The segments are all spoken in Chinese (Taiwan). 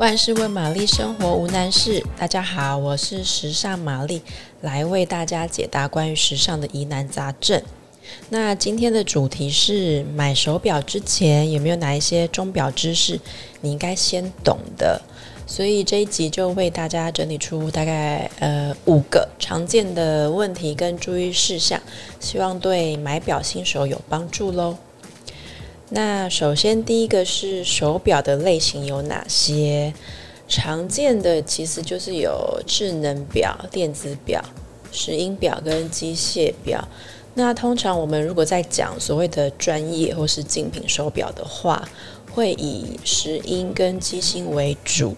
萬事問瑪麗，生活無難事。大家好，我是時尚瑪麗，來為大家解答關於時尚的疑難雜症。那今天的主題是買手錶之前有沒有哪一些鐘錶知識你應該先懂的？所以這一集就為大家整理出大概呃五個常見的問題跟注意事項，希望對買錶新手有幫助嘍。那首先，第一個是手錶的類型有哪些？常見的其實就是有智能錶、電子錶、石英錶跟機械錶。那通常我們如果在講所謂的專業或是精品手錶的話，會以石英跟機芯為主。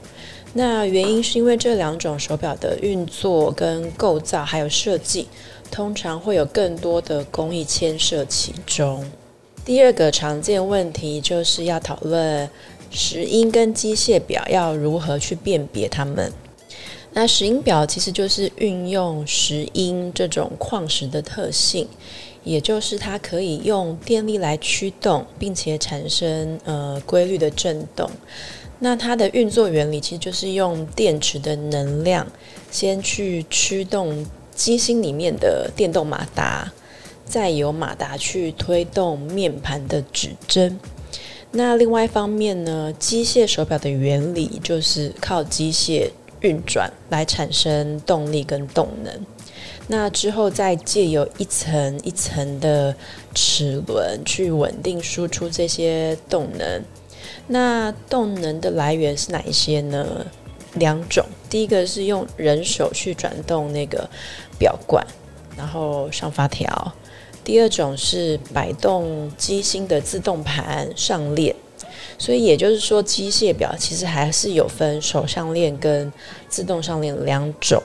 那原因是因為這兩種手錶的運作跟構造還有設計，通常會有更多的工藝牽涉其中。第二個常見問題就是要討論石英跟機械錶要如何去辨別它們。那石英錶其實就是運用石英這種礦石的特性，也就是它可以用電力來驅動，並且產生呃規律的震動。那它的運作原理其實就是用電池的能量，先去驅動機芯裡面的電動馬達。再由馬達去推動面盤的指針。那另外一方面呢，機械手錶的原理就是靠機械運轉來產生動力跟動能。那之後再借由一層一層的齒輪去穩定輸出這些動能。那動能的來源是哪一些呢？兩種，第一個是用人手去轉動那個錶冠，然後上發條。第二種是擺動機芯的自動盤上鏈，所以也就是說，機械錶其實還是有分手上鏈跟自動上鏈兩種。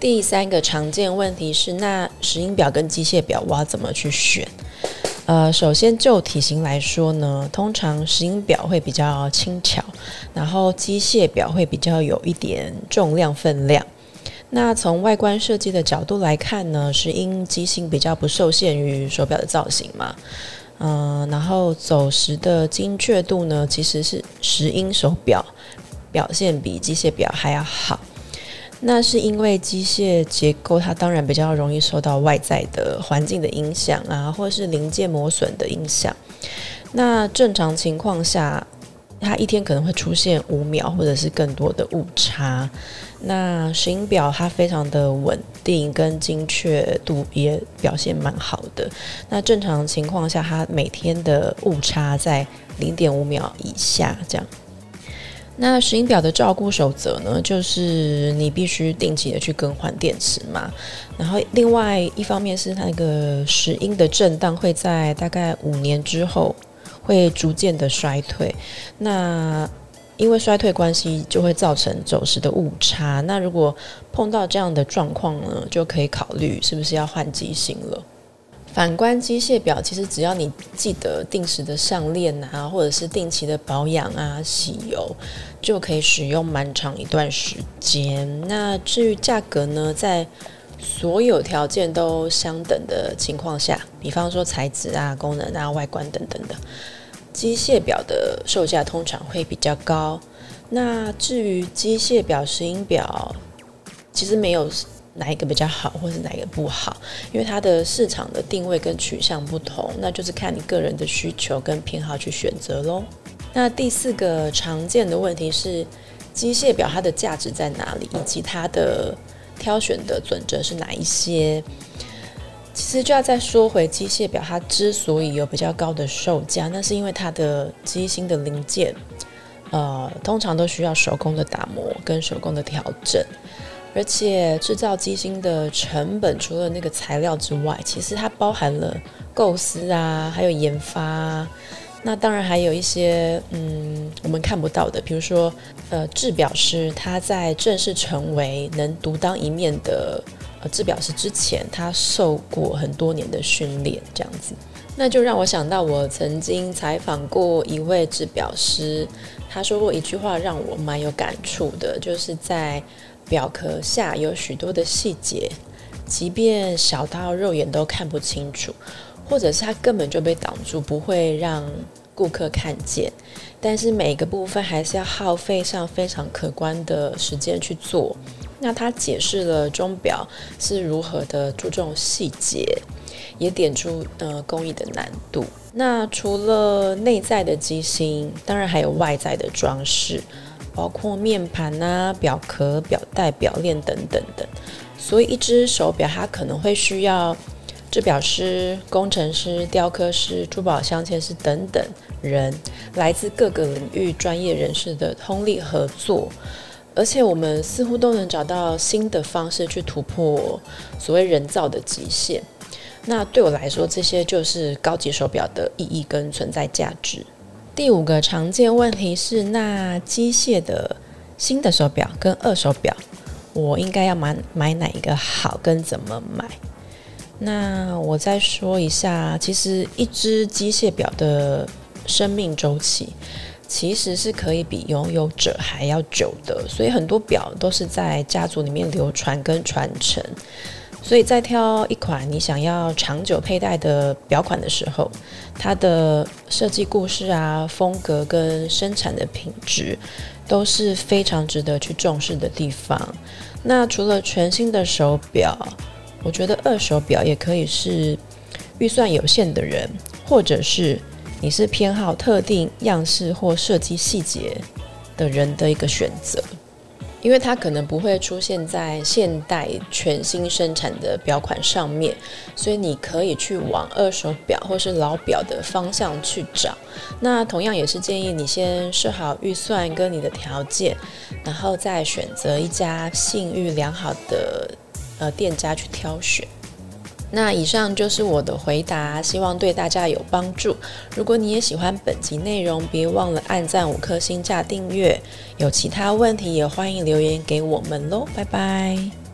第三個常見問題是，那石英錶跟機械錶，我要怎麼去選？呃，首先就體型來說呢，通常石英錶會比較輕巧，然後機械錶會比較有一點重量分量。那從外觀設計的角度來看呢，石英機芯比較不受限於手錶的造型嘛，嗯、呃，然後走時的精確度呢，其實是石英手錶表現比機械錶還要好。那是因為機械結構它當然比較容易受到外在的環境的影響啊，或者是零件磨損的影響。那正常情況下，它一天可能會出現五秒或者是更多的誤差。那石英表它非常的穩定，跟精確度也表現蠻好的。那正常情況下，它每天的誤差在零點五秒以下這樣。那石英表的照顧守則呢，就是你必須定期的去更換電池嘛。然後另外一方面是它那個石英的震盪會在大概五年之後，會逐漸的衰退，那因為衰退關係就會造成走時的誤差。那如果碰到這樣的狀況呢，就可以考慮是不是要換機芯了。反觀機械錶，其實只要你記得定時的上鏈啊，或者是定期的保養啊、洗油，就可以使用蠻長一段時間。那至於價格呢，在所有條件都相等的情況下，比方說材質啊、功能啊、外觀等等的。機械錶的售價通常會比較高。那至於機械錶、石英錶，其實沒有哪一個比較好，或是哪一個不好，因為它的市場的定位跟取向不同，那就是看你個人的需求跟偏好去選擇嘍。那第四個常見的問題是，機械錶它的價值在哪裡，以及它的挑選的準則是哪一些？其實就要再說回機械錶，它之所以有比較高的售價，那是因為它的機芯的零件，呃，通常都需要手工的打磨跟手工的調整，而且製造機芯的成本，除了那個材料之外，其實它包含了構思啊，還有研發啊。那當然還有一些，嗯，我們看不到的，比如說，呃，製錶師他在正式成為能獨當一面的呃製錶師之前，他受過很多年的訓練，這樣子，那就讓我想到我曾經採訪過一位製錶師，他說過一句話讓我蠻有感觸的，就是在錶殼下有許多的細節，即便小到肉眼都看不清楚，或者是它根本就被擋住，不會讓顧客看見。但是每個部分還是要耗費上非常可觀的時間去做。那他解釋了鐘錶是如何的注重細節，也點出呃工藝的難度。那除了內在的機芯，當然還有外在的裝飾，包括面盤啊、錶殼、錶帶、錶鏈等等等。所以一隻手錶它可能會需要。製錶師、工程師、雕刻師、珠寶鑲嵌師等等人，來自各個領域專業人士的通力合作，而且我們似乎都能找到新的方式去突破所謂人造的極限。那對我來說，這些就是高級手錶的意義跟存在價值。第五個常見問題是：那機械的新的手錶跟二手錶，我應該要買買哪一個好，跟怎麼買？那我再說一下，其實一隻機械表的生命周期其實是可以比擁有者還要久的，所以很多表都是在家族裡面流傳跟傳承。所以在挑一款你想要長久佩戴的表款的時候，它的設計故事啊、風格跟生產的品質都是非常值得去重視的地方。那除了全新的手表，我覺得二手錶也可以是預算有限的人，或者是你是偏好特定樣式或設計細節的人的一個選擇，因為它可能不會出現在現代全新生產的錶款上面，所以你可以去往二手錶或是老錶的方向去找。那同樣也是建議你先設好預算跟你的條件，然後再選擇一家信譽良好的。呃，店家去挑選。那以上就是我的回答，希望對大家有幫助。如果你也喜歡本集內容，別忘了按讚五顆星加訂閱。有其他問題也歡迎留言給我們嘍，拜拜。